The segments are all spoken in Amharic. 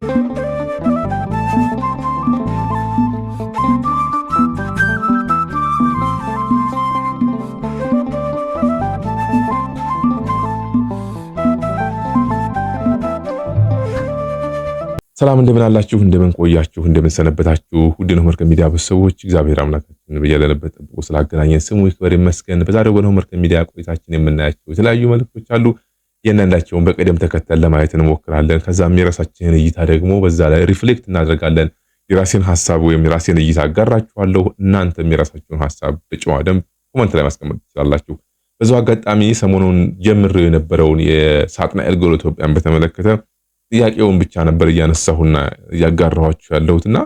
ሰላም እንደምን አላችሁ? እንደምን ቆያችሁ? እንደምን ሰነበታችሁ? ውድ ነው መርከብ ሚዲያ ቤተሰቦች እግዚአብሔር አምላካችን በያለንበት ጠብቆ ስላገናኘን ስሙ ይክበር ይመስገን። በዛሬው በነው መርከብ ሚዲያ ቆይታችን የምናያቸው የተለያዩ መልእክቶች አሉ። የእያንዳንዳቸውን በቅደም ተከተል ለማየት እንሞክራለን። ከዛም የራሳችንን እይታ ደግሞ በዛ ላይ ሪፍሌክት እናደርጋለን። የራሴን ሀሳብ ወይም የራሴን እይታ አጋራችኋለሁ። እናንተም የራሳችሁን ሀሳብ በጨዋ ደንብ ኮመንት ላይ ማስቀመጥ ትችላላችሁ። በዚሁ አጋጣሚ ሰሞኑን ጀምሬው የነበረውን የሳጥናኤል ጎል ኢትዮጵያን በተመለከተ ጥያቄውን ብቻ ነበር እያነሳሁና እያጋራኋችሁ ያለሁትና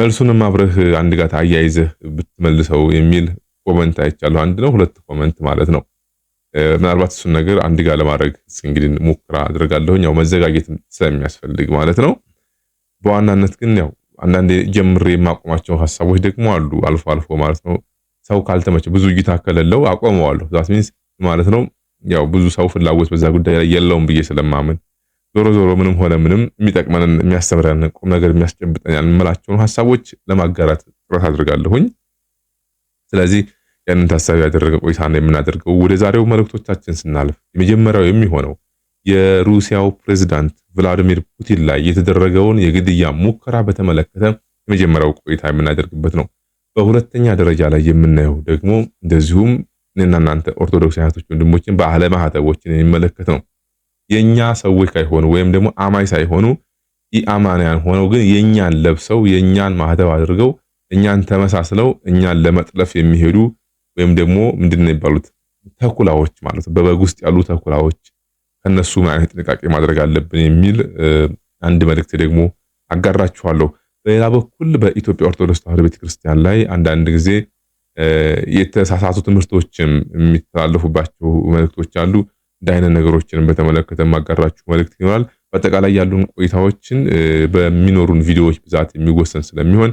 መልሱንም አብረህ አንድ ጋር አያይዘህ ብትመልሰው የሚል ኮመንት አይቻለሁ። አንድ ነው ሁለት ኮመንት ማለት ነው። ምናልባት እሱን ነገር አንድ ጋር ለማድረግ እንግዲህ ሙከራ አድርጋለሁኝ። ያው መዘጋጀት ስለሚያስፈልግ ማለት ነው። በዋናነት ግን ያው አንዳንዴ ጀምሬ የማቆማቸው ሀሳቦች ደግሞ አሉ አልፎ አልፎ ማለት ነው። ሰው ካልተመቸ ብዙ እይታ ከሌለው አቆመዋለሁ። ዛት ሚንስ ማለት ነው ያው ብዙ ሰው ፍላጎት በዛ ጉዳይ ላይ የለውም ብዬ ስለማምን ዞሮ ዞሮ ምንም ሆነ ምንም የሚጠቅመንን የሚያስተምረን ቁም ነገር የሚያስጨብጠን የምላቸውን ሀሳቦች ለማጋራት ጥረት አድርጋለሁኝ። ስለዚህ ያንን ታሳቢ ያደረገ ቆይታ ነው የምናደርገው። ወደ ዛሬው መልእክቶቻችን ስናልፍ የመጀመሪያው የሚሆነው የሩሲያው ፕሬዝዳንት ቭላዲሚር ፑቲን ላይ የተደረገውን የግድያ ሙከራ በተመለከተ የመጀመሪያው ቆይታ የምናደርግበት ነው። በሁለተኛ ደረጃ ላይ የምናየው ደግሞ እንደዚሁም እኔና እናንተ ኦርቶዶክስ እህቶች ወንድሞችን በአለ ማህተቦችን የሚመለከት ነው። የእኛ ሰዎች ካይሆኑ ወይም ደግሞ አማኝ ሳይሆኑ ኢአማንያን ሆነው ግን የኛን ለብሰው የኛን ማህተብ አድርገው እኛን ተመሳስለው እኛን ለመጥለፍ የሚሄዱ ወይም ደግሞ ምንድን ነው የሚባሉት ተኩላዎች ማለት ነው። በበግ ውስጥ ያሉ ተኩላዎች ከነሱ ምን አይነት ጥንቃቄ ማድረግ አለብን የሚል አንድ መልእክት ደግሞ አጋራችኋለሁ። በሌላ በኩል በኢትዮጵያ ኦርቶዶክስ ተዋህዶ ቤተክርስቲያን ላይ አንዳንድ ጊዜ የተሳሳቱ ትምህርቶችም የሚተላለፉባቸው መልእክቶች አሉ። እንደ አይነት ነገሮችን በተመለከተ ማጋራችሁ መልእክት ይኖራል። በአጠቃላይ ያሉን ቆይታዎችን በሚኖሩን ቪዲዮዎች ብዛት የሚወሰን ስለሚሆን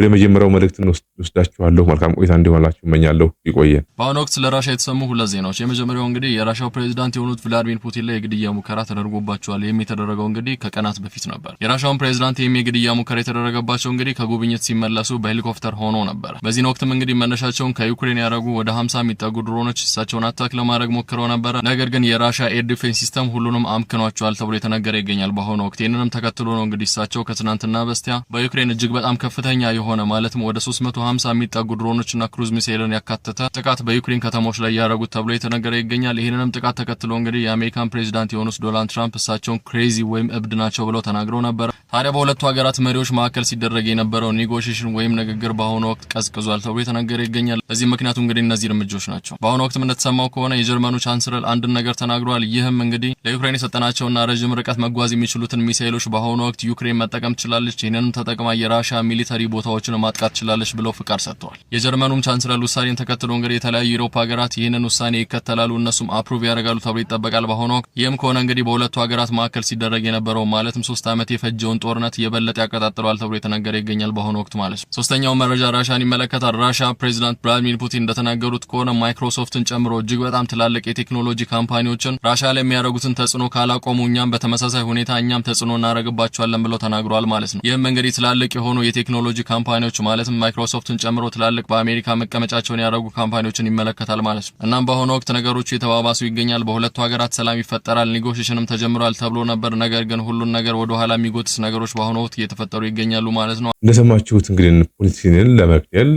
ወደ መጀመሪያው መልእክት ወስዳችኋለሁ። መልካም ቆይታ እንዲሆንላችሁ እመኛለሁ። ይቆየን። በአሁኑ ወቅት ስለ የተሰሙ ሁለት ዜናዎች፣ የመጀመሪያው እንግዲህ የራሻው ፕሬዚዳንት የሆኑት ቭላድሚር ፑቲን ላይ የግድያ ሙከራ ተደርጎባቸዋል። ይህም የተደረገው እንግዲህ ከቀናት በፊት ነበር። የራሻውን ፕሬዚዳንት ይህም የግድያ ሙከራ የተደረገባቸው እንግዲህ ከጉብኝት ሲመለሱ በሄሊኮፕተር ሆኖ ነበር። በዚህን ወቅትም እንግዲህ መነሻቸውን ከዩክሬን ያደረጉ ወደ ሀምሳ የሚጠጉ ድሮኖች እሳቸውን አታክ ለማድረግ ሞክረው ነበረ። ነገር ግን የራሻ ኤር ዲፌንስ ሲስተም ሁሉንም አምክኗቸዋል ተብሎ የተነገረ ይገኛል። በአሁኑ ወቅት ይህንንም ተከትሎ ነው እንግዲህ እሳቸው ከትናንትና በስቲያ በዩክሬን እጅግ በጣም ከፍተኛ ሆነ ማለትም ወደ 350 የሚጠጉ ድሮኖችና ክሩዝ ሚሳይልን ያካተተ ጥቃት በዩክሬን ከተሞች ላይ ያደረጉት ተብሎ የተነገረ ይገኛል። ይህንንም ጥቃት ተከትሎ እንግዲህ የአሜሪካን ፕሬዚዳንት የሆኑት ዶናልድ ትራምፕ እሳቸውን ክሬዚ ወይም እብድ ናቸው ብለው ተናግረው ነበር። ታዲያ በሁለቱ ሀገራት መሪዎች መካከል ሲደረግ የነበረው ኔጎሽሽን ወይም ንግግር በአሁኑ ወቅት ቀዝቅዟል ተብሎ የተነገረ ይገኛል። በዚህም ምክንያቱ እንግዲህ እነዚህ እርምጃዎች ናቸው። በአሁኑ ወቅትም እንደተሰማው ከሆነ የጀርመኑ ቻንስለር አንድን ነገር ተናግረዋል። ይህም እንግዲህ ለዩክሬን የሰጠናቸውና ረዥም ርቀት መጓዝ የሚችሉትን ሚሳኤሎች በአሁኑ ወቅት ዩክሬን መጠቀም ትችላለች። ይህንንም ተጠቅማ የራሻ ሚሊተሪ ቦታ ቦታዎችን ማጥቃት ችላለች ብለው ፍቃድ ሰጥተዋል። የጀርመኑም ቻንስለር ውሳኔን ተከትሎ እንግዲህ የተለያዩ የአውሮፓ ሀገራት ይህንን ውሳኔ ይከተላሉ፣ እነሱም አፕሩቭ ያደርጋሉ ተብሎ ይጠበቃል። በአሁኑ ወቅት ይህም ከሆነ እንግዲህ በሁለቱ ሀገራት መካከል ሲደረግ የነበረው ማለትም ሶስት ዓመት የፈጀውን ጦርነት የበለጠ ያቀጣጥለዋል ተብሎ የተነገረ ይገኛል። በአሁኑ ወቅት ማለት ነው። ሶስተኛው መረጃ ራሻን ይመለከታል። ራሻ ፕሬዚዳንት ቭላዲሚር ፑቲን እንደተናገሩት ከሆነ ማይክሮሶፍትን ጨምሮ እጅግ በጣም ትላልቅ የቴክኖሎጂ ካምፓኒዎችን ራሻ ላይ የሚያደርጉትን ተጽዕኖ ካላቆሙ እኛም በተመሳሳይ ሁኔታ እኛም ተጽዕኖ እናደርግባቸዋለን ብለው ተናግሯል ማለት ነው። ይህም እንግዲህ ትላልቅ የሆኑ የቴክኖሎጂ ካም ካምፓኒዎች ማለትም ማይክሮሶፍትን ጨምሮ ትላልቅ በአሜሪካ መቀመጫቸውን ያደረጉ ካምፓኒዎችን ይመለከታል ማለት ነው። እናም በአሁኑ ወቅት ነገሮቹ የተባባሱ ይገኛል። በሁለቱ ሀገራት ሰላም ይፈጠራል፣ ኔጎሽሽንም ተጀምሯል ተብሎ ነበር። ነገር ግን ሁሉን ነገር ወደ ኋላ የሚጎትስ ነገሮች በአሁኑ ወቅት እየተፈጠሩ ይገኛሉ ማለት ነው። እንደሰማችሁት እንግዲህ ፑቲንን ለመግደል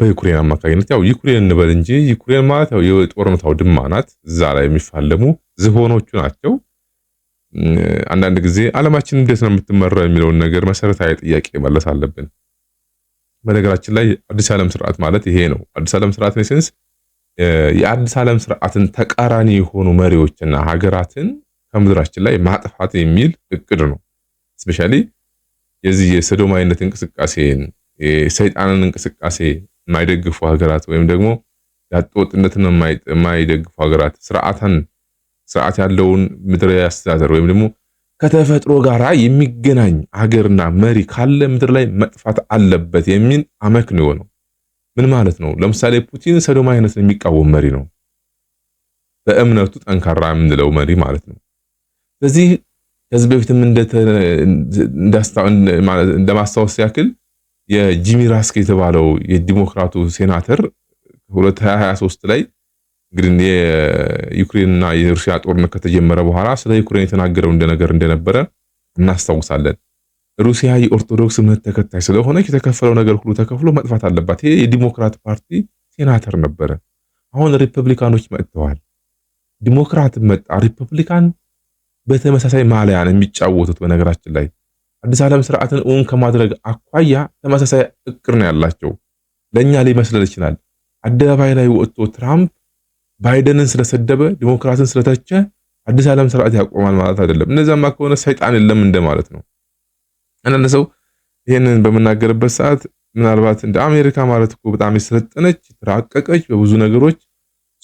በዩክሬን አማካኝነት ያው ዩክሬን እንበል እንጂ ዩክሬን ማለት ያው የጦርነት አውድማ ናት። እዛ ላይ የሚፋለሙ ዝሆኖቹ ናቸው። አንዳንድ ጊዜ አለማችን እንዴት ነው የምትመራው የሚለውን ነገር መሰረታዊ ጥያቄ መለስ አለብን። በነገራችን ላይ አዲስ ዓለም ስርዓት ማለት ይሄ ነው። አዲስ ዓለም ስርዓት ሴንስ የአዲስ ዓለም ስርዓትን ተቃራኒ የሆኑ መሪዎችና ሀገራትን ከምድራችን ላይ ማጥፋት የሚል እቅድ ነው። እስፔሻሊ የዚህ የሰዶማዊነት እንቅስቃሴን የሰይጣንን እንቅስቃሴ የማይደግፉ ሀገራት ወይም ደግሞ ያጥወጥነትን የማይደግፉ ሀገራት ስርዓትን ስርዓት ያለውን ምድራዊ አስተዳደር ወይም ደግሞ ከተፈጥሮ ጋር የሚገናኝ አገርና መሪ ካለ ምድር ላይ መጥፋት አለበት የሚል አመክንዮ ነው። ምን ማለት ነው? ለምሳሌ ፑቲን ሰዶማዊነትን የሚቃወም መሪ ነው። በእምነቱ ጠንካራ የምንለው መሪ ማለት ነው። ስለዚህ ከዚህ በፊትም እንደማስታወስ ያክል የጂሚ ራስክ የተባለው የዲሞክራቱ ሴናተር 2023 ላይ እንግዲህ የዩክሬንና የሩሲያ ጦርነት ከተጀመረ በኋላ ስለ ዩክሬን የተናገረው እንደነገር እንደነበረ እናስታውሳለን። ሩሲያ የኦርቶዶክስ እምነት ተከታይ ስለሆነች የተከፈለው ነገር ሁሉ ተከፍሎ መጥፋት አለባት። ይሄ የዲሞክራት ፓርቲ ሴናተር ነበረ። አሁን ሪፐብሊካኖች መጥተዋል። ዲሞክራት መጣ፣ ሪፐብሊካን በተመሳሳይ ማሊያ ነው የሚጫወቱት። በነገራችን ላይ አዲስ ዓለም ስርዓትን እውን ከማድረግ አኳያ ተመሳሳይ እቅር ነው ያላቸው። ለእኛ ሊመስለን ይችላል። አደባባይ ላይ ወጥቶ ትራምፕ ባይደንን ስለሰደበ ዲሞክራትን ስለተቸ አዲስ ዓለም ስርዓት ያቆማል ማለት አይደለም። እነዚያማ ከሆነ ሰይጣን የለም እንደማለት ነው። አንዳንድ ሰው ይህንን በምናገርበት ሰዓት ምናልባት እንደ አሜሪካ ማለት እኮ በጣም የሰለጠነች የተራቀቀች፣ በብዙ ነገሮች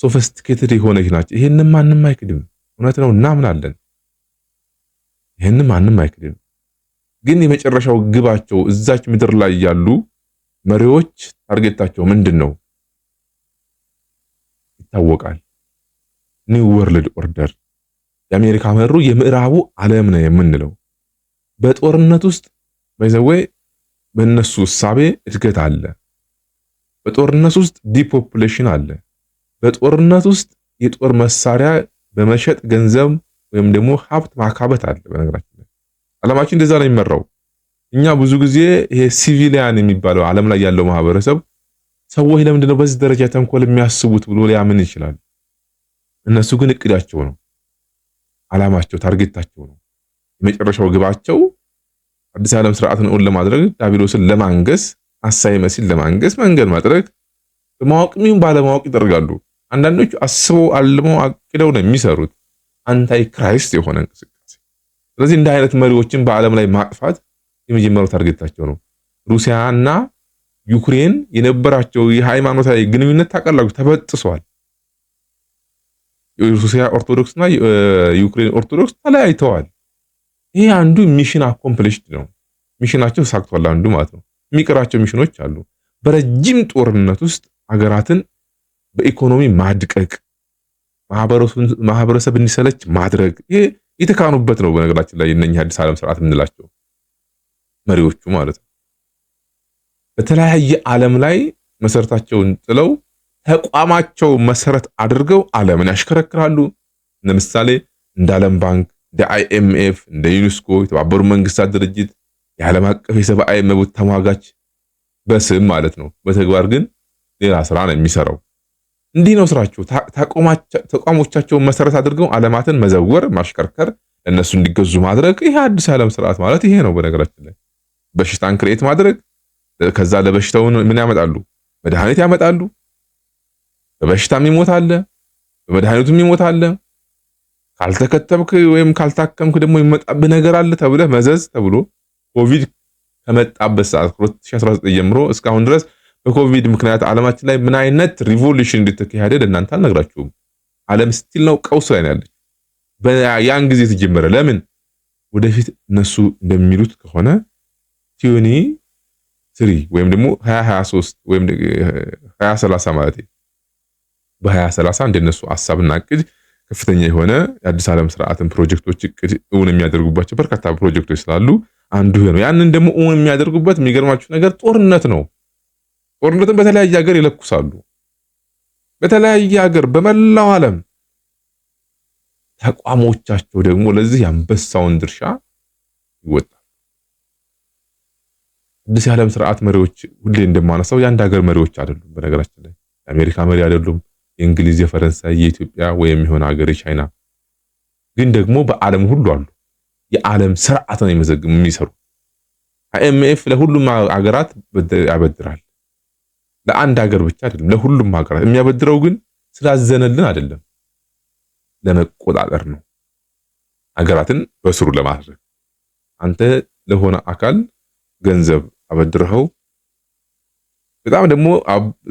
ሶፊስቲኬትድ የሆነች ናቸው። ይህንን ማንም አይክድም፣ እውነት ነው፣ እናምናለን። ይህን ማንም አይክድም። ግን የመጨረሻው ግባቸው እዛች ምድር ላይ ያሉ መሪዎች ታርጌታቸው ምንድን ነው? ይታወቃል። ኒው ወርልድ ኦርደር የአሜሪካ መሩ የምዕራቡ ዓለም ነው የምንለው በጦርነት ውስጥ በዘወይ በእነሱ እሳቤ እድገት አለ። በጦርነት ውስጥ ዲፖፕሌሽን አለ። በጦርነት ውስጥ የጦር መሳሪያ በመሸጥ ገንዘብ ወይም ደግሞ ሀብት ማካበት አለ። በነገራችን ላይ ዓለማችን እንደዛ ነው የሚመራው። እኛ ብዙ ጊዜ ይሄ ሲቪሊያን የሚባለው ዓለም ላይ ያለው ማህበረሰብ ሰዎች ለምንድነው በዚህ ደረጃ ተንኮል የሚያስቡት ብሎ ሊያምን ይችላል። እነሱ ግን እቅዳቸው ነው፣ አላማቸው፣ ታርጌታቸው ነው። የመጨረሻው ግባቸው አዲስ ዓለም ስርዓትን እውን ለማድረግ ዳቢሎስን ለማንገስ አሳይ መሲል ለማንገስ መንገድ ማጥረግ በማወቅ ይሁን ባለማወቅ ይደርጋሉ። አንዳንዶቹ አስበው አልመው አቅደው ነው የሚሰሩት አንታይ ክራይስት የሆነ እንቅስቃሴ። ስለዚህ እንደ አይነት መሪዎችን በዓለም ላይ ማጥፋት የመጀመሪያው ታርጌታቸው ነው። ሩሲያና ዩክሬን የነበራቸው የሃይማኖታዊ ግንኙነት ታቀላችሁ ተበጥሷል። የሩሲያ ኦርቶዶክስና የዩክሬን ኦርቶዶክስ ተለያይተዋል። ይሄ አንዱ ሚሽን አኮምፕሊሽድ ነው። ሚሽናቸው ሳክቷል፣ አንዱ ማለት ነው። የሚቀራቸው ሚሽኖች አሉ። በረጅም ጦርነት ውስጥ አገራትን በኢኮኖሚ ማድቀቅ፣ ማህበረሰብ እንዲሰለች ማድረግ፣ ይሄ የተካኑበት ነው። በነገራችን ላይ እነኚህ አዲስ ዓለም ስርዓት የምንላቸው መሪዎቹ ማለት ነው። በተለያየ ዓለም ላይ መሰረታቸውን ጥለው ተቋማቸው መሰረት አድርገው ዓለምን ያሽከረክራሉ። ለምሳሌ እንደ ዓለም ባንክ፣ እንደ አይኤምኤፍ፣ እንደ ዩኒስኮ የተባበሩ መንግስታት ድርጅት፣ የዓለም አቀፍ የሰብአዊ መብት ተሟጋች በስም ማለት ነው። በተግባር ግን ሌላ ስራ ነው የሚሰራው። እንዲህ ነው ስራቸው። ተቋሞቻቸውን መሰረት አድርገው ዓለማትን መዘወር፣ ማሽከርከር፣ ለእነሱ እንዲገዙ ማድረግ። ይሄ አዲስ ዓለም ስርዓት ማለት ይሄ ነው። በነገራችን ላይ በሽታን ክሬት ማድረግ ከዛ ለበሽታውን ምን ያመጣሉ? መድኃኒት ያመጣሉ። በበሽታም ይሞት አለ፣ በመድኃኒቱም ይሞት አለ። ካልተከተብክ ወይም ካልታከምክ ደግሞ ይመጣብህ ነገር አለ ተብለ መዘዝ ተብሎ ኮቪድ ከመጣበት ሰዓት 2019 ጀምሮ እስካሁን ድረስ በኮቪድ ምክንያት ዓለማችን ላይ ምን አይነት ሪቮሉሽን እንደተካሄደ ለእናንተ አልነግራችሁም። ዓለም ስቲል ነው ቀውስ ላይ ያለች ያን ጊዜ የተጀመረ ለምን ወደፊት እነሱ እንደሚሉት ከሆነ ቲዮኒ ትሪ ወይም ደግሞ 2023 ወይም 2030 ማለት በ2030 እንደነሱ ሀሳብና እቅድ ከፍተኛ የሆነ የአዲስ ዓለም ስርዓትን ፕሮጀክቶች እቅድ እውን የሚያደርጉባቸው በርካታ ፕሮጀክቶች ስላሉ አንዱ ነው። ያንን ደግሞ እውን የሚያደርጉበት የሚገርማችሁ ነገር ጦርነት ነው። ጦርነትን በተለያየ ሀገር ይለኩሳሉ። በተለያየ ሀገር በመላው ዓለም ተቋሞቻቸው ደግሞ ለዚህ የአንበሳውን ድርሻ ይወጣል። ቅዱስ የዓለም ስርዓት መሪዎች ሁሌ እንደማነሳው የአንድ ሀገር መሪዎች አይደሉም። በነገራችን ላይ የአሜሪካ መሪ አይደሉም። የእንግሊዝ፣ የፈረንሳይ፣ የኢትዮጵያ ወይም የሆነ ሀገር የቻይና ግን ደግሞ በዓለም ሁሉ አሉ። የዓለም ስርዓት ነው የመዘግም የሚሰሩ አይኤምኤፍ ለሁሉም ሀገራት ያበድራል። ለአንድ ሀገር ብቻ አይደለም፣ ለሁሉም ሀገራት የሚያበድረው ግን ስላዘነልን አይደለም፣ ለመቆጣጠር ነው። ሀገራትን በስሩ ለማድረግ አንተ ለሆነ አካል ገንዘብ አበድረኸው በጣም ደግሞ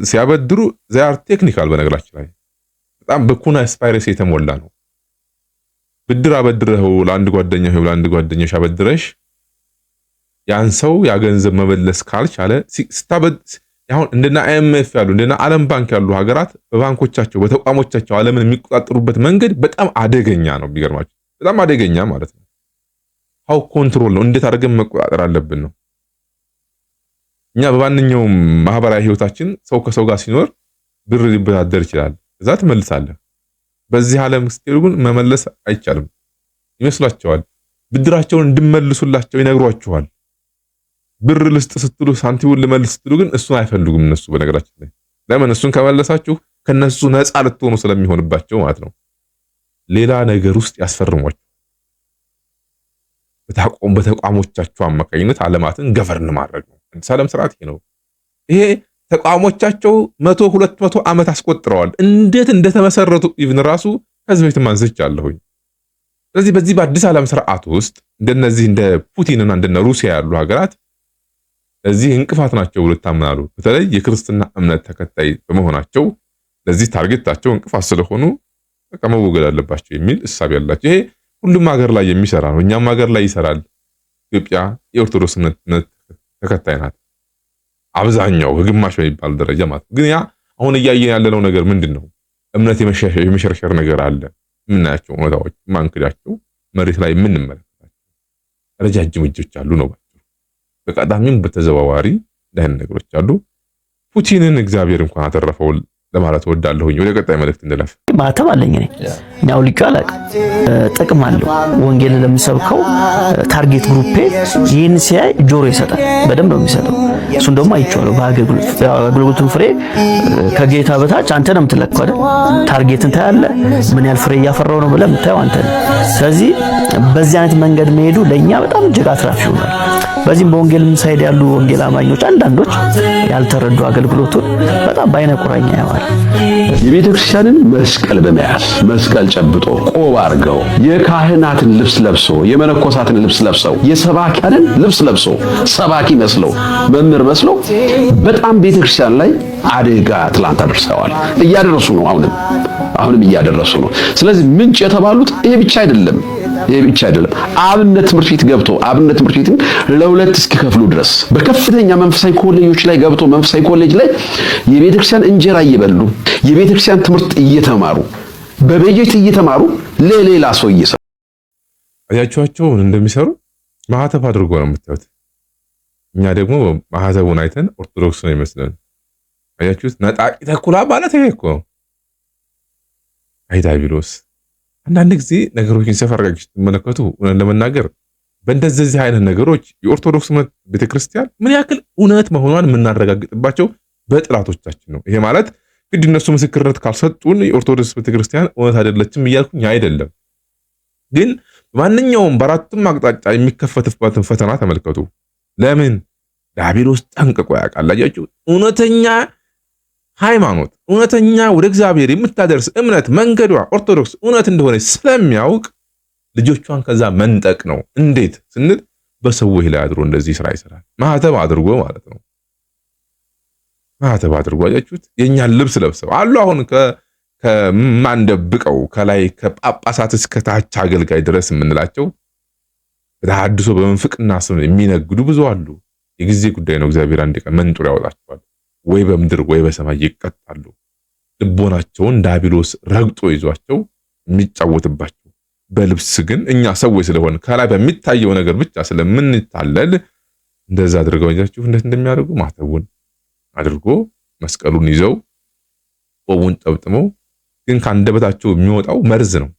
ሲያበድሩ ዚያር ቴክኒካል በነገራችን ላይ በጣም በኩና ስፓይረስ የተሞላ ነው። ብድር አበድረኸው ለአንድ ጓደኛ ወይ ለአንድ ጓደኛሽ አበድረሽ ያን ሰው ያገንዘብ መመለስ ካልቻለ ስታበድ እንደና አይኤምኤፍ ያሉ እንደና ዓለም ባንክ ያሉ ሀገራት በባንኮቻቸው በተቋሞቻቸው ዓለምን የሚቆጣጠሩበት መንገድ በጣም አደገኛ ነው። ቢገርማችሁ በጣም አደገኛ ማለት ነው። ሀው ኮንትሮል ነው። እንዴት አድርገን መቆጣጠር አለብን ነው እኛ በማንኛውም ማህበራዊ ህይወታችን ሰው ከሰው ጋር ሲኖር ብር ሊበዳደር ይችላል። እዛ ትመልሳለህ። በዚህ ዓለም ስትሄዱ ግን መመለስ አይቻልም ይመስሏቸዋል። ብድራቸውን እንድመልሱላቸው ይነግሯችኋል። ብር ልስጥ ስትሉ ሳንቲሙን ልመልስ ስትሉ ግን እሱን አይፈልጉም እነሱ። በነገራችን ላይ ለምን እሱን ከመለሳችሁ ከነሱ ነፃ ልትሆኑ ስለሚሆንባቸው ማለት ነው። ሌላ ነገር ውስጥ ያስፈርሟችሁ። በተቋሞቻቸው አማካኝነት አለማትን ገቨርን ማድረግ ነው። ሰላም ስርዓት ይሄ ነው። ይሄ ተቋሞቻቸው መቶ ሁለት መቶ ዓመት አስቆጥረዋል። እንዴት እንደተመሰረቱ ኢቭን ራሱ ከዚህ በፊት አንስቻለሁኝ። ስለዚህ በዚህ በአዲስ ዓለም ስርዓት ውስጥ እንደነዚህ እንደ ፑቲንና እንደነ ሩሲያ ያሉ ሀገራት እዚህ እንቅፋት ናቸው ብሎ ይታምናሉ። በተለይ የክርስትና እምነት ተከታይ በመሆናቸው ለዚህ ታርጌታቸው እንቅፋት ስለሆኑ በቃ መወገድ አለባቸው የሚል እሳቤ ያላቸው። ይሄ ሁሉም ሀገር ላይ የሚሰራ ነው። እኛም ሀገር ላይ ይሰራል። ኢትዮጵያ የኦርቶዶክስ እምነት ተከታይ ናት። አብዛኛው ግማሽ በሚባል ደረጃ ማለት ግን ያ አሁን እያየን ያለነው ነገር ምንድን ነው? እምነት የመሸርሸር ነገር አለ። የምናያቸው እውነታዎች ማንክዳቸው መሬት ላይ የምንመለከታቸው ረጃጅም እጆች አሉ ነው ባቸው በቀዳሚም በተዘዋዋሪ ነገሮች አሉ። ፑቲንን እግዚአብሔር እንኳን አተረፈው። ለማለት ወዳለሁኝ። ወደ ቀጣይ መልእክት እንለፍ። ማተብ አለኝ እኔ እኛው አውልቄ አላውቅም። ጥቅም አለው ወንጌል ለምሰብከው ታርጌት ግሩፔ ይህን ሲያይ ጆሮ ይሰጣል። በደንብ ነው የሚሰጠው። እሱን ደግሞ አይቼዋለሁ። በአገልግሎቱን ፍሬ ከጌታ በታች አንተ ነው የምትለካው አይደል? ታርጌትን ታያለ። ምን ያህል ፍሬ እያፈራው ነው ብለህ የምታየው አንተ ነው። ስለዚህ በዚህ አይነት መንገድ መሄዱ ለእኛ በጣም እጅግ አትራፊ ይሆናል። በዚህም በወንጌልም ሳይድ ያሉ ወንጌል አማኞች አንዳንዶች ያልተረዱ አገልግሎቱን በጣም በአይነ ቁራኛ ያዋል። የቤተ ክርስቲያንን መስቀል በመያዝ መስቀል ጨብጦ ቆብ አድርገው የካህናትን ልብስ ለብሶ የመነኮሳትን ልብስ ለብሰው የሰባኪያንን ልብስ ለብሶ ሰባኪ መስለው መምህር መስለው በጣም ቤተ ክርስቲያን ላይ አደጋ ትላንት አድርሰዋል። እያደረሱ ነው። አሁንም አሁንም እያደረሱ ነው። ስለዚህ ምንጭ የተባሉት ይሄ ብቻ አይደለም። ይሄ ብቻ አይደለም። አብነት ትምህርት ቤት ገብቶ አብነት ትምህርት ቤትን ለሁለት እስኪከፍሉ ድረስ በከፍተኛ መንፈሳዊ ኮሌጆች ላይ ገብቶ መንፈሳዊ ኮሌጅ ላይ የቤተክርስቲያን እንጀራ እየበሉ የቤተክርስቲያን ትምህርት እየተማሩ በበጀት እየተማሩ ለሌላ ሰው እየሰሩ ምን እንደሚሰሩ ማህተብ አድርጎ ነው የምታዩት። እኛ ደግሞ ማህተቡን አይተን ኦርቶዶክስ ነው ይመስለን። አያችሁት? ነጣቂ ተኩላ ማለት ይሄ እኮ ነው። አይ ዲያብሎስ አንዳንድ ጊዜ ነገሮችን ሰፋ አድርጋችሁ ስትመለከቱ ለመናገር በእንደዚህ አይነት ነገሮች የኦርቶዶክስ እምነት ቤተክርስቲያን ምን ያክል እውነት መሆኗን የምናረጋግጥባቸው በጥላቶቻችን ነው። ይሄ ማለት ግድ እነሱ ምስክርነት ካልሰጡን የኦርቶዶክስ ቤተክርስቲያን እውነት አይደለችም እያልኩኝ አይደለም። ግን ማንኛውም በአራቱም አቅጣጫ የሚከፈትበትን ፈተና ተመልከቱ። ለምን ዲያብሎስ ጠንቅቆ ያውቃል። አያችሁ እውነተኛ ሃይማኖት እውነተኛ ወደ እግዚአብሔር የምታደርስ እምነት መንገዷ ኦርቶዶክስ እውነት እንደሆነ ስለሚያውቅ ልጆቿን ከዛ መንጠቅ ነው። እንዴት ስንል በሰዎች ላይ አድሮ እንደዚህ ስራ ይሰራል። ማህተብ አድርጎ ማለት ነው። ማህተብ አድርጎ አያችሁት? የእኛን ልብስ ለብሰው አሉ። አሁን ከማንደብቀው ከላይ ከጳጳሳት እስከ ታች አገልጋይ ድረስ የምንላቸው ተሐድሶ በመንፍቅና ስም የሚነግዱ ብዙ አሉ። የጊዜ ጉዳይ ነው። እግዚአብሔር አንድ ቀን መንጡር ያወጣቸዋል። ወይ በምድር ወይ በሰማይ ይቀጣሉ። ልቦናቸውን ዳቢሎስ ረግጦ ይዟቸው የሚጫወትባቸው በልብስ ግን እኛ ሰዎች ስለሆን ከላይ በሚታየው ነገር ብቻ ስለምንታለል እንደዛ አድርገው እንጃችሁ እንዴት እንደሚያደርጉ ማተቡን አድርጎ መስቀሉን ይዘው ቆቡን ጠብጥመው ግን ከአንደበታቸው የሚወጣው መርዝ ነው።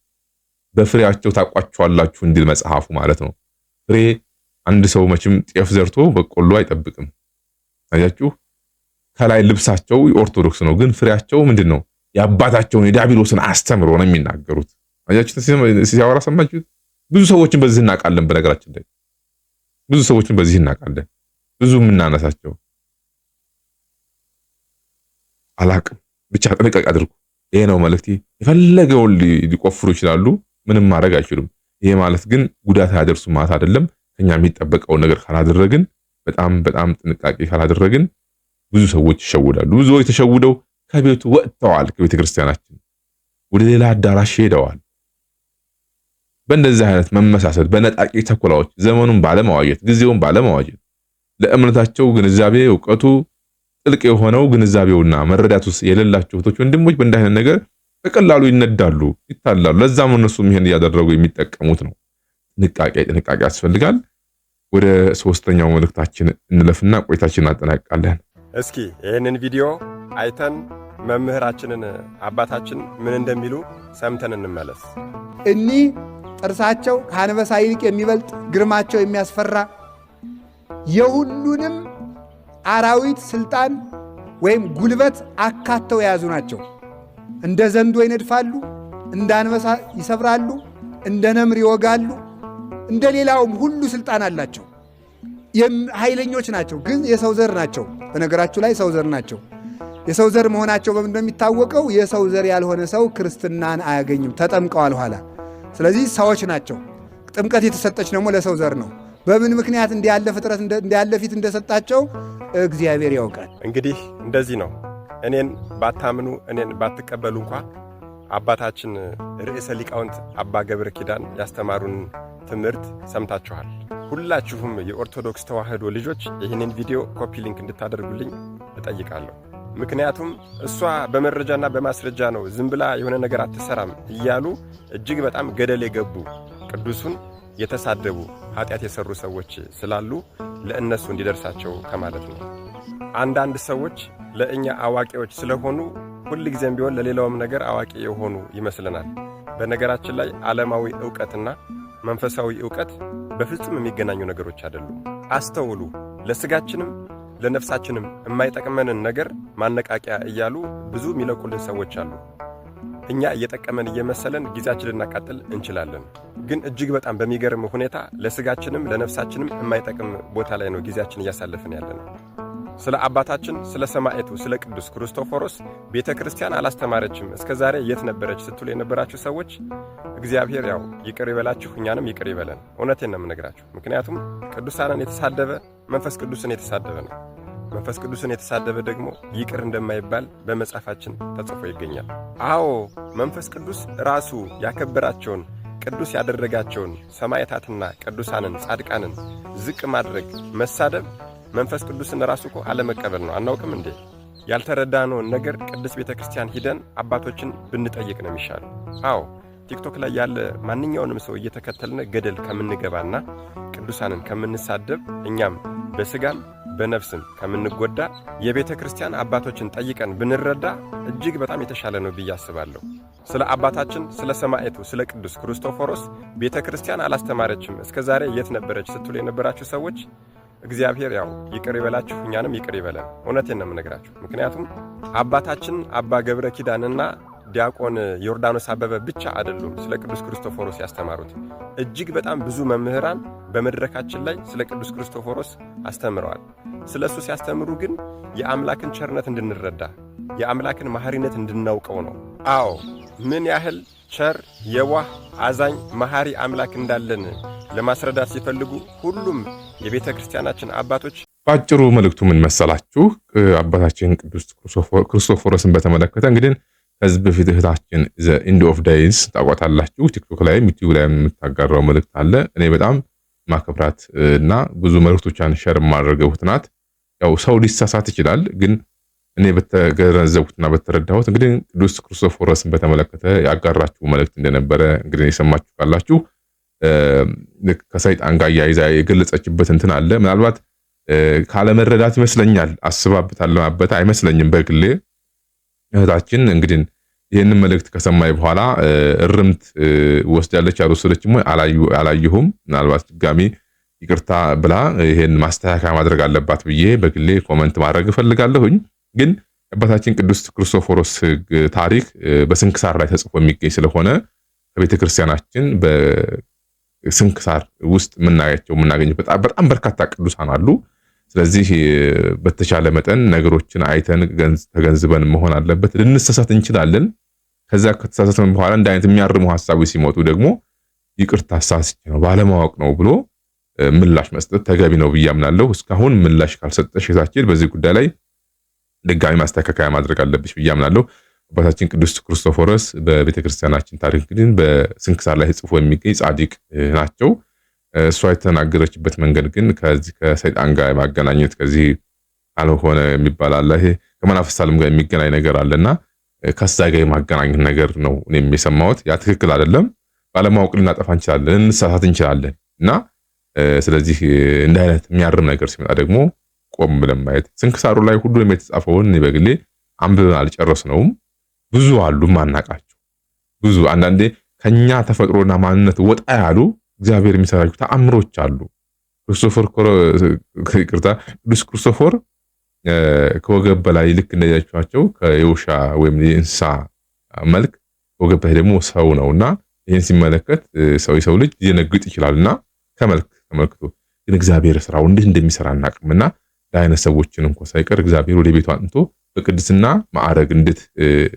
በፍሬያቸው ታውቋቸዋላችሁ እንዲል መጽሐፉ ማለት ነው። ፍሬ አንድ ሰው መቼም ጤፍ ዘርቶ በቆሎ አይጠብቅም። አያችሁ ከላይ ልብሳቸው ኦርቶዶክስ ነው፣ ግን ፍሬያቸው ምንድን ነው? የአባታቸውን የዲያብሎስን አስተምሮ ነው የሚናገሩት። ሲያወራ ሰማችሁት። ብዙ ሰዎችን በዚህ እናውቃለን። በነገራችን ላይ ብዙ ሰዎችን በዚህ እናውቃለን። ብዙ የምናነሳቸው አላቅም። ብቻ ጥንቃቄ አድርጉ። ይሄ ነው መልእክቴ። የፈለገውን ሊቆፍሩ ይችላሉ፣ ምንም ማድረግ አይችሉም። ይሄ ማለት ግን ጉዳት አያደርሱም ማለት አይደለም። ከኛ የሚጠበቀውን ነገር ካላደረግን፣ በጣም በጣም ጥንቃቄ ካላደረግን ብዙ ሰዎች ይሸውዳሉ። ብዙዎች ተሸውደው ከቤቱ ወጥተዋል። ከቤተ ክርስቲያናችን ወደ ሌላ አዳራሽ ሄደዋል። በእንደዚህ አይነት መመሳሰል በነጣቂ ተኩላዎች ዘመኑን ባለማዋጀት ጊዜውን ባለማዋጀት ለእምነታቸው ግንዛቤ እውቀቱ ጥልቅ የሆነው ግንዛቤውና መረዳቱ የሌላቸው እህቶች፣ ወንድሞች በእንዲህ አይነት ነገር በቀላሉ ይነዳሉ፣ ይታላሉ። ለዛም እነሱም ይሄን እያደረጉ የሚጠቀሙት ነው። ጥንቃቄ ጥንቃቄ ያስፈልጋል። ወደ ሶስተኛው መልእክታችን እንለፍና ቆይታችን እናጠናቅቃለን። እስኪ ይህንን ቪዲዮ አይተን መምህራችንን አባታችን ምን እንደሚሉ ሰምተን እንመለስ። እኒህ ጥርሳቸው ከአንበሳ ይልቅ የሚበልጥ ግርማቸው የሚያስፈራ የሁሉንም አራዊት ስልጣን ወይም ጉልበት አካተው የያዙ ናቸው። እንደ ዘንዶ ይነድፋሉ፣ እንደ አንበሳ ይሰብራሉ፣ እንደ ነምር ይወጋሉ፣ እንደ ሌላውም ሁሉ ስልጣን አላቸው። ኃይለኞች ናቸው፣ ግን የሰው ዘር ናቸው። በነገራችሁ ላይ ሰው ዘር ናቸው። የሰው ዘር መሆናቸው በምን እንደሚታወቀው የሰው ዘር ያልሆነ ሰው ክርስትናን አያገኝም፣ ተጠምቀዋል ኋላ። ስለዚህ ሰዎች ናቸው። ጥምቀት የተሰጠች ደግሞ ለሰው ዘር ነው። በምን ምክንያት እንዲያለ ፍጥረት እንዲያለ ፊት እንደሰጣቸው እግዚአብሔር ያውቃል። እንግዲህ እንደዚህ ነው። እኔን ባታምኑ እኔን ባትቀበሉ እንኳ አባታችን ርዕሰ ሊቃውንት አባ ገብረ ኪዳን ያስተማሩን ትምህርት ሰምታችኋል። ሁላችሁም የኦርቶዶክስ ተዋህዶ ልጆች ይህንን ቪዲዮ ኮፒ ሊንክ እንድታደርጉልኝ እጠይቃለሁ። ምክንያቱም እሷ በመረጃና በማስረጃ ነው ዝም ብላ የሆነ ነገር አትሰራም እያሉ እጅግ በጣም ገደል የገቡ ቅዱሱን የተሳደቡ ኃጢአት የሰሩ ሰዎች ስላሉ ለእነሱ እንዲደርሳቸው ከማለት ነው። አንዳንድ ሰዎች ለእኛ አዋቂዎች ስለሆኑ ሁልጊዜም ቢሆን ለሌላውም ነገር አዋቂ የሆኑ ይመስለናል። በነገራችን ላይ ዓለማዊ ዕውቀትና መንፈሳዊ ዕውቀት በፍጹም የሚገናኙ ነገሮች አይደሉም። አስተውሉ። ለስጋችንም ለነፍሳችንም የማይጠቅመንን ነገር ማነቃቂያ እያሉ ብዙ የሚለቁልን ሰዎች አሉ። እኛ እየጠቀመን እየመሰለን ጊዜያችን ልናቃጥል እንችላለን። ግን እጅግ በጣም በሚገርም ሁኔታ ለስጋችንም ለነፍሳችንም የማይጠቅም ቦታ ላይ ነው ጊዜያችን እያሳለፍን ያለ ስለ አባታችን ስለ ሰማዕቱ ስለ ቅዱስ ክርስቶፎሮስ ቤተ ክርስቲያን አላስተማረችም እስከ ዛሬ የት ነበረች ስትሉ የነበራችሁ ሰዎች እግዚአብሔር ያው ይቅር ይበላችሁ፣ እኛንም ይቅር ይበለን። እውነቴን ነው የምነግራችሁ። ምክንያቱም ቅዱሳንን የተሳደበ መንፈስ ቅዱስን የተሳደበ ነው። መንፈስ ቅዱስን የተሳደበ ደግሞ ይቅር እንደማይባል በመጽሐፋችን ተጽፎ ይገኛል። አዎ መንፈስ ቅዱስ ራሱ ያከበራቸውን ቅዱስ ያደረጋቸውን ሰማዕታትና ቅዱሳንን ጻድቃንን ዝቅ ማድረግ መሳደብ መንፈስ ቅዱስን ራሱ እኮ አለመቀበል ነው። አናውቅም እንዴ? ያልተረዳነውን ነገር ቅዱስ ቤተ ክርስቲያን ሂደን አባቶችን ብንጠይቅ ነው የሚሻለው። አዎ ቲክቶክ ላይ ያለ ማንኛውንም ሰው እየተከተልነ ገደል ከምንገባና ቅዱሳንን ከምንሳደብ እኛም በስጋም በነፍስም ከምንጎዳ የቤተ ክርስቲያን አባቶችን ጠይቀን ብንረዳ እጅግ በጣም የተሻለ ነው ብዬ አስባለሁ። ስለ አባታችን ስለ ሰማዕቱ ስለ ቅዱስ ክርስቶፎሮስ ቤተ ክርስቲያን አላስተማረችም እስከ ዛሬ የት ነበረች ስትሉ የነበራችሁ ሰዎች እግዚአብሔር ያው ይቅር ይበላችሁ እኛንም ይቅር ይበለን። እውነቴን ነው የምነግራችሁ። ምክንያቱም አባታችን አባ ገብረ ኪዳንና ዲያቆን ዮርዳኖስ አበበ ብቻ አይደሉም ስለ ቅዱስ ክርስቶፎሮስ ያስተማሩት። እጅግ በጣም ብዙ መምህራን በመድረካችን ላይ ስለ ቅዱስ ክርስቶፎሮስ አስተምረዋል። ስለ እሱ ሲያስተምሩ ግን የአምላክን ቸርነት እንድንረዳ የአምላክን ማህሪነት እንድናውቀው ነው። አዎ ምን ያህል ቸር፣ የዋህ፣ አዛኝ፣ መሐሪ አምላክ እንዳለን ለማስረዳት ሲፈልጉ ሁሉም የቤተ ክርስቲያናችን አባቶች በአጭሩ መልእክቱ ምን መሰላችሁ? አባታችን ቅዱስ ክርስቶፎሮስን በተመለከተ እንግዲህ ከዚህ በፊት እህታችን ኢንድ ኦፍ ዳይዝ ታቋታላችሁ። ቲክቶክ ላይም ዩቲዩብ ላይም የምታጋራው መልእክት አለ። እኔ በጣም ማከብራት እና ብዙ መልእክቶቿን ሸር ማድረገው እህት ያው ሰው ሊሳሳት ይችላል፣ ግን እኔ በተገነዘቡትና በተረዳሁት እንግዲህ ቅዱስ ክርስቶፎረስን በተመለከተ ያጋራችሁ መልእክት እንደነበረ እንግዲህ የሰማችሁ ካላችሁ ከሰይጣን ጋር እያይዛ የገለጸችበት እንትን አለ። ምናልባት ካለመረዳት ይመስለኛል፣ አስባበት አለማበት አይመስለኝም። በግሌ እህታችን እንግዲህ ይህንን መልእክት ከሰማይ በኋላ እርምት ወስዳለች። ያልወሰደችም አላየሁም። ምናልባት ድጋሚ ይቅርታ ብላ ይህን ማስተካከያ ማድረግ አለባት ብዬ በግሌ ኮመንት ማድረግ እፈልጋለሁኝ። ግን አባታችን ቅዱስ ክርስቶፎሮስ ታሪክ በስንክሳር ላይ ተጽፎ የሚገኝ ስለሆነ ከቤተ ክርስቲያናችን በስንክሳር ውስጥ የምናያቸው የምናገኘው በጣም በርካታ ቅዱሳን አሉ። ስለዚህ በተቻለ መጠን ነገሮችን አይተን ተገንዝበን መሆን አለበት። ልንሳሳት እንችላለን። ከዚያ ከተሳሳትን በኋላ እንደ አይነት የሚያርሙ ሀሳቦች ሲመጡ ደግሞ ይቅርታ ሳስቼ ነው ባለማወቅ ነው ብሎ ምላሽ መስጠት ተገቢ ነው ብዬ አምናለሁ። እስካሁን ምላሽ ካልሰጠሽ ሴታችን በዚህ ጉዳይ ላይ ድጋሚ ማስተካከያ ማድረግ አለብሽ ብዬ አምናለሁ። አባታችን ቅዱስ ክርስቶፎረስ በቤተ ክርስቲያናችን ታሪክ ግን በስንክሳር ላይ ጽፎ የሚገኝ ጻድቅ ናቸው። እሷ የተናገረችበት መንገድ ግን ከዚህ ከሰይጣን ጋር የማገናኘት ከዚህ አልሆነ የሚባል አለ። ይሄ ከመናፍስት ዓለም ጋር የሚገናኝ ነገር አለና ከዛ ጋር የማገናኘት ነገር ነው እኔም የሰማሁት። ያ ትክክል አይደለም። ባለማወቅ ልናጠፋ እንችላለን፣ እንሳሳት እንችላለን እና ስለዚህ እንደ አይነት የሚያርም ነገር ሲመጣ ደግሞ ቆም ብለን ማየት ስንክሳሩ ላይ ሁሉንም የተጻፈውን እኔ በግሌ አንብበን አልጨረስነውም። ብዙ አሉ ማናቃቸው ብዙ አንዳንዴ ከኛ ተፈጥሮና ማንነት ወጣ ያሉ እግዚአብሔር የሚሰራቸው ተአምሮች አሉ። ክርስቶፎር ይቅርታ፣ ቅዱስ ክርስቶፎር ከወገብ በላይ ልክ እንደያችኋቸው ከየውሻ ወይም የእንስሳ መልክ ከወገብ በላይ ደግሞ ሰው ነውና ይህን ሲመለከት ሰው የሰው ልጅ ሊደነግጥ ይችላልና ከመልክ ተመልክቶ ግን እግዚአብሔር ስራው እንዴት እንደሚሰራ እናቅምና ለአይነት ሰዎችን እንኳ ሳይቀር እግዚአብሔር ወደ ቤቷ አጥንቶ በቅድስና ማዕረግ እንዴት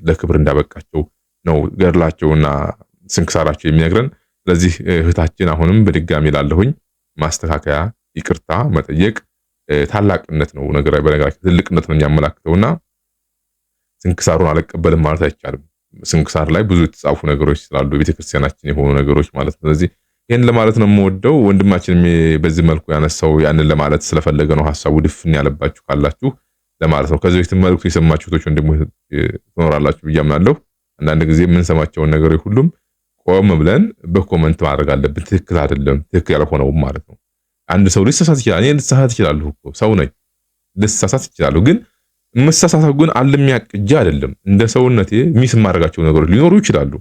ለክብር እንዳበቃቸው ነው ገድላቸውና ስንክሳራቸው የሚነግረን። ስለዚህ እህታችን አሁንም በድጋሚ ላለሁኝ ማስተካከያ፣ ይቅርታ መጠየቅ ታላቅነት ነው። በነገራችን ትልቅነት ነው የሚያመላክተውና ስንክሳሩን አልቀበልም ማለት አይቻልም። ስንክሳር ላይ ብዙ የተጻፉ ነገሮች ስላሉ ቤተክርስቲያናችን የሆኑ ነገሮች ማለት ነው። ስለዚህ ይህን ለማለት ነው የምወደው። ወንድማችን በዚህ መልኩ ያነሳው ያንን ለማለት ስለፈለገ ነው። ሀሳቡ ድፍን ያለባችሁ ካላችሁ ለማለት ነው። ከዚህ በፊት የሰማችሁ ቶች ወንድሞ ትኖራላችሁ ብዬ አምናለሁ። አንዳንድ ጊዜ የምንሰማቸውን ነገር ሁሉም ቆም ብለን በኮመንት ማድረግ አለብን። ትክክል አይደለም፣ ትክክል ያልሆነውም ማለት ነው። አንድ ሰው ልሳሳት ይችላል። እኔ ልሳሳት እችላለሁ እኮ ሰው ነኝ፣ ልሳሳት እችላለሁ። ግን የምሳሳተው ግን አልሚያቅጃ አይደለም። እንደ ሰውነቴ ሚስ የማደርጋቸው ነገሮች ሊኖሩ ይችላሉ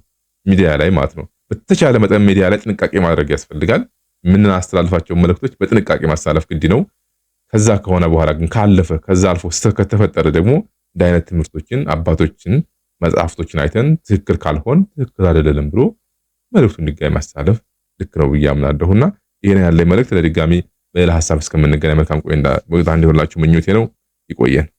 ሚዲያ ላይ ማለት ነው። በተቻለ መጠን ሚዲያ ላይ ጥንቃቄ ማድረግ ያስፈልጋል። የምናስተላልፋቸውን መልእክቶች በጥንቃቄ ማስተላለፍ ግድ ነው። ከዛ ከሆነ በኋላ ግን ካለፈ ከዛ አልፎ ስህተት ከተፈጠረ ደግሞ እንደ አይነት ትምህርቶችን አባቶችን፣ መጽሐፍቶችን አይተን ትክክል ካልሆን ትክክል አይደለም ብሎ መልእክቱን ድጋሚ ማስተላለፍ ልክ ነው ብዬ አምናለሁና ይህን ያለ መልእክት ለድጋሚ በሌላ ሀሳብ እስከምንገናኝ መልካም ቆይታ እንዲሆንላችሁ ምኞቴ ነው። ይቆየን።